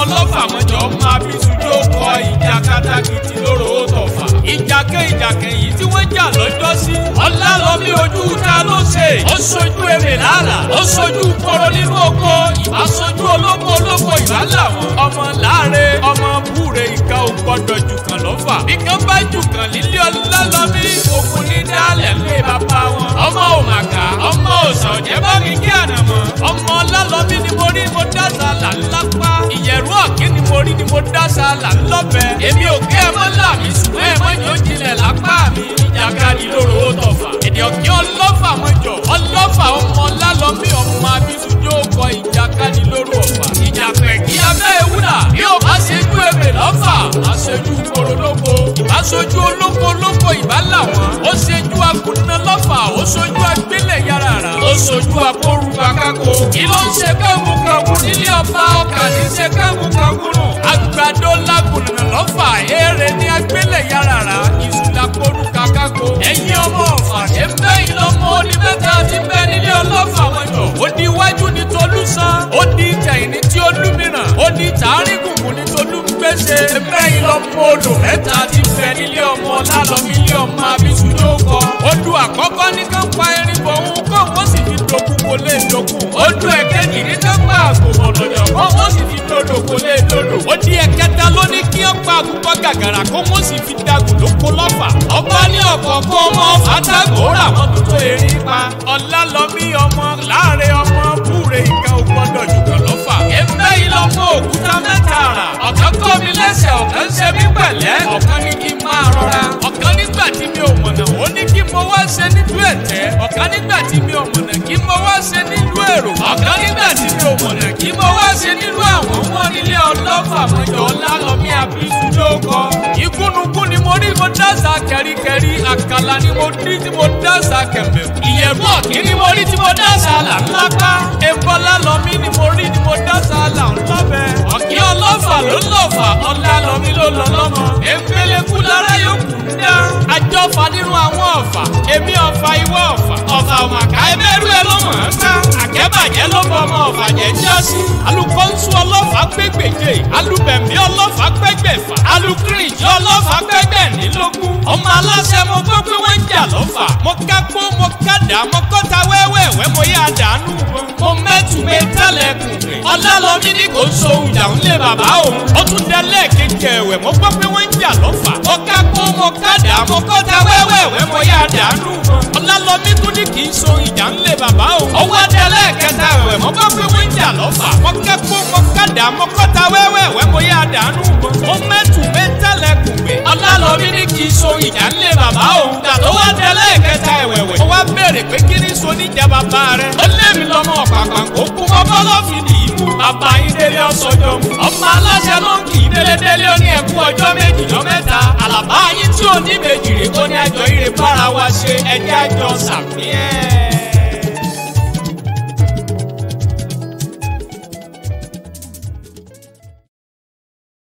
ọlọ́fàmọ́jọ́ máa fi sùjó kọ ìjà katakìtì lóró tọ̀fà. ìjàkẹ́ ìjàkẹ́ yìí tí wọ́n jà lọ́jọ́ sí. ọ̀la lọ bí ojú ta ló ṣe. ó sojú èrè lára. ó sojú koro nínú oko. ìbá sojú olóko olóko ìbá làwọn. ọmọ láre ọmọ búre ìka ò gbọdọ̀ jù lọ́fà. bí kan bá jù kàn lílé ọlá lọ bí. ọmọ ọlọ́lọ́bí ni mo rí mo dá sàlà lápá ìyẹ̀rú ọ̀kí ni mo rí ni mo dá sàlà lọ́bẹ̀ èmi ò kí ẹ mọ́ làmì ṣùgbọ́n ẹ mọ́ yóò jinlẹ̀ lápá mi ìjàkadì lóru ó tọ̀fà èdè ọ̀kí ọlọ́fà mọ́jọ ọlọ́fà ọmọ ọlọ́lọ́bí ọmọ abisu yóò kọ ìjàkadì lóru ọ̀fà ìjàpẹ̀ kí abẹ́ ewúrà bí ó bá ṣe ju ebè lọ́fà aṣojú koro lóko ìbáṣojú olóko lóko ìbá làwọn ó ṣojú akúnná lọ́fà ó ṣojú agbélẹ̀ yàrá rà ó ṣojú akóru kakáko ìlú ń ṣe kẹ́kùnkẹ́kùn nílé ọba ọkà ní ṣe kẹ́kùnkẹ́kùn nù. àgbàdo lágùnlù lọ́fà eré ní agbélẹ̀ yàrá rà ìṣúná kóru kakako. ẹ̀yin ọmọ ọ̀fà ṣe fẹ́ ìlọ́mọ onímẹ́ta ti bẹ́ nílé ọlọ́fà wọn jọ. ó di iwájú ní tolúsan ó di ìtẹ̀yìn ní tí ó lúmìnà ó di tàárín gùngùn ní tolúgbèsè. ṣe fẹ́ ìlọ́mọ odò mẹ́ta ti bẹ́ nílé ọmọ lálọ́ mílíọ̀mù ojú ẹ̀kẹ́ nìrí tó pa àgùnmọ̀ lọ́jọ́ kọ́ ó sì fi dodo kò lè dodo. ó di ẹ̀kẹta ló ní kí ó pa àgùkọ gàgàrà kó mú sì fi dagùn ló kó lọ́fà. ọba ní ọ̀pọ̀ kó mọ́ fàtàgò rà wọ́n tó tó erí pa. ọ̀la lọ mí ọmọ láàrin ọmọ búre ìka ò gbọ́dọ̀ jùlọ lọ́fà. ẹgbẹ́ ìlọ́mọ òkúta mẹ́ta rà ọ̀kan kọ́ mi lẹ́sẹ̀ ọ̀kan ṣe mí pẹ̀lẹ́ ọ̀kan mo wá ṣe nílùú ẹ̀tẹ́ ọ̀kan nígbà tí mi ò mọ̀nà kí mo wá ṣe nílùú èrò ọ̀kan nígbà tí mi ò mọ̀nà kí mo wá ṣe nílùú àwọn wọn nílé ọlọ́fà mo jọ lálọ́mí àbísú ni mo rí mo dáṣà kẹríkẹrí àkàlà ni mo rí tí mo dáṣà kẹ̀mẹ̀. ìyẹ̀bú ọ̀kí ni mo rí tí mo dáṣà là ńlápá. ni mo rí ni mo àjọfà ọ̀la lọ́mí ló lọ lọ́mọ. èpelekú lọ́rẹ́ yòókù ń dá. àjọfà nínú àwọn ọ̀fà èmi ọ̀fà ìwọ ọ̀fà. ọ̀fà ọ̀màkà ẹbẹ̀rù ẹ lọ́mọ ẹ̀ ká. àkẹ́bàjẹ́ lọ́mọ ọmọ ọ̀fà jẹ́ ń jásí. alukọ́nsú ọlọ́fà gbẹ́gbẹ́je alubẹ̀mí ọlọ́fà gbẹ́gbẹ́fà alukiriji ọlọ́fà gbẹ́gbẹ́nilógún. ọmọ aláṣẹ mo gbọ́ pé wọ́n ń jà lọ́fà. mo kápó mo kádà mo kọ́ta wẹ́wẹ́wẹ́ mo yá dànù. mo mẹ́tùmẹ́ ọlálọ́mí ní kò ń sohun jà ń lé bàbá òun ó tún dá lẹ́ẹ̀kejì ẹ̀wẹ̀ mọ́ gbọ́ pé wọ́n ń jà lọ́fà ọ̀ká kó mo kádà mo kọ́ta wẹ́wẹ́wẹ́ mo yá dànù ọlálọ́mí tún ní kì í sohun jà ń lé bàbá òun ọwọ́ dá lẹ́ẹ̀kẹta ẹ̀wẹ̀ mọ́ gbọ́ pé wọ́n ń jà lọ́fà ọ̀ká kó mo kádà mo kọ́ta wẹ́wẹ́wẹ́ mo yá dànù ó mẹ́tù mẹ́tẹ́lẹ̀kùn gbé ọlálọ́mí mi sọjọ́ mu. ọmọ aláṣẹ ló ń kì í délédélé ó ní ẹkú ọjọ́ méjìlá mẹ́ta. àlàbá yín tí ò ní méjì rè kó ní àjọ ire bára wa ṣe ẹjẹ́ àjọ sàpíẹ́.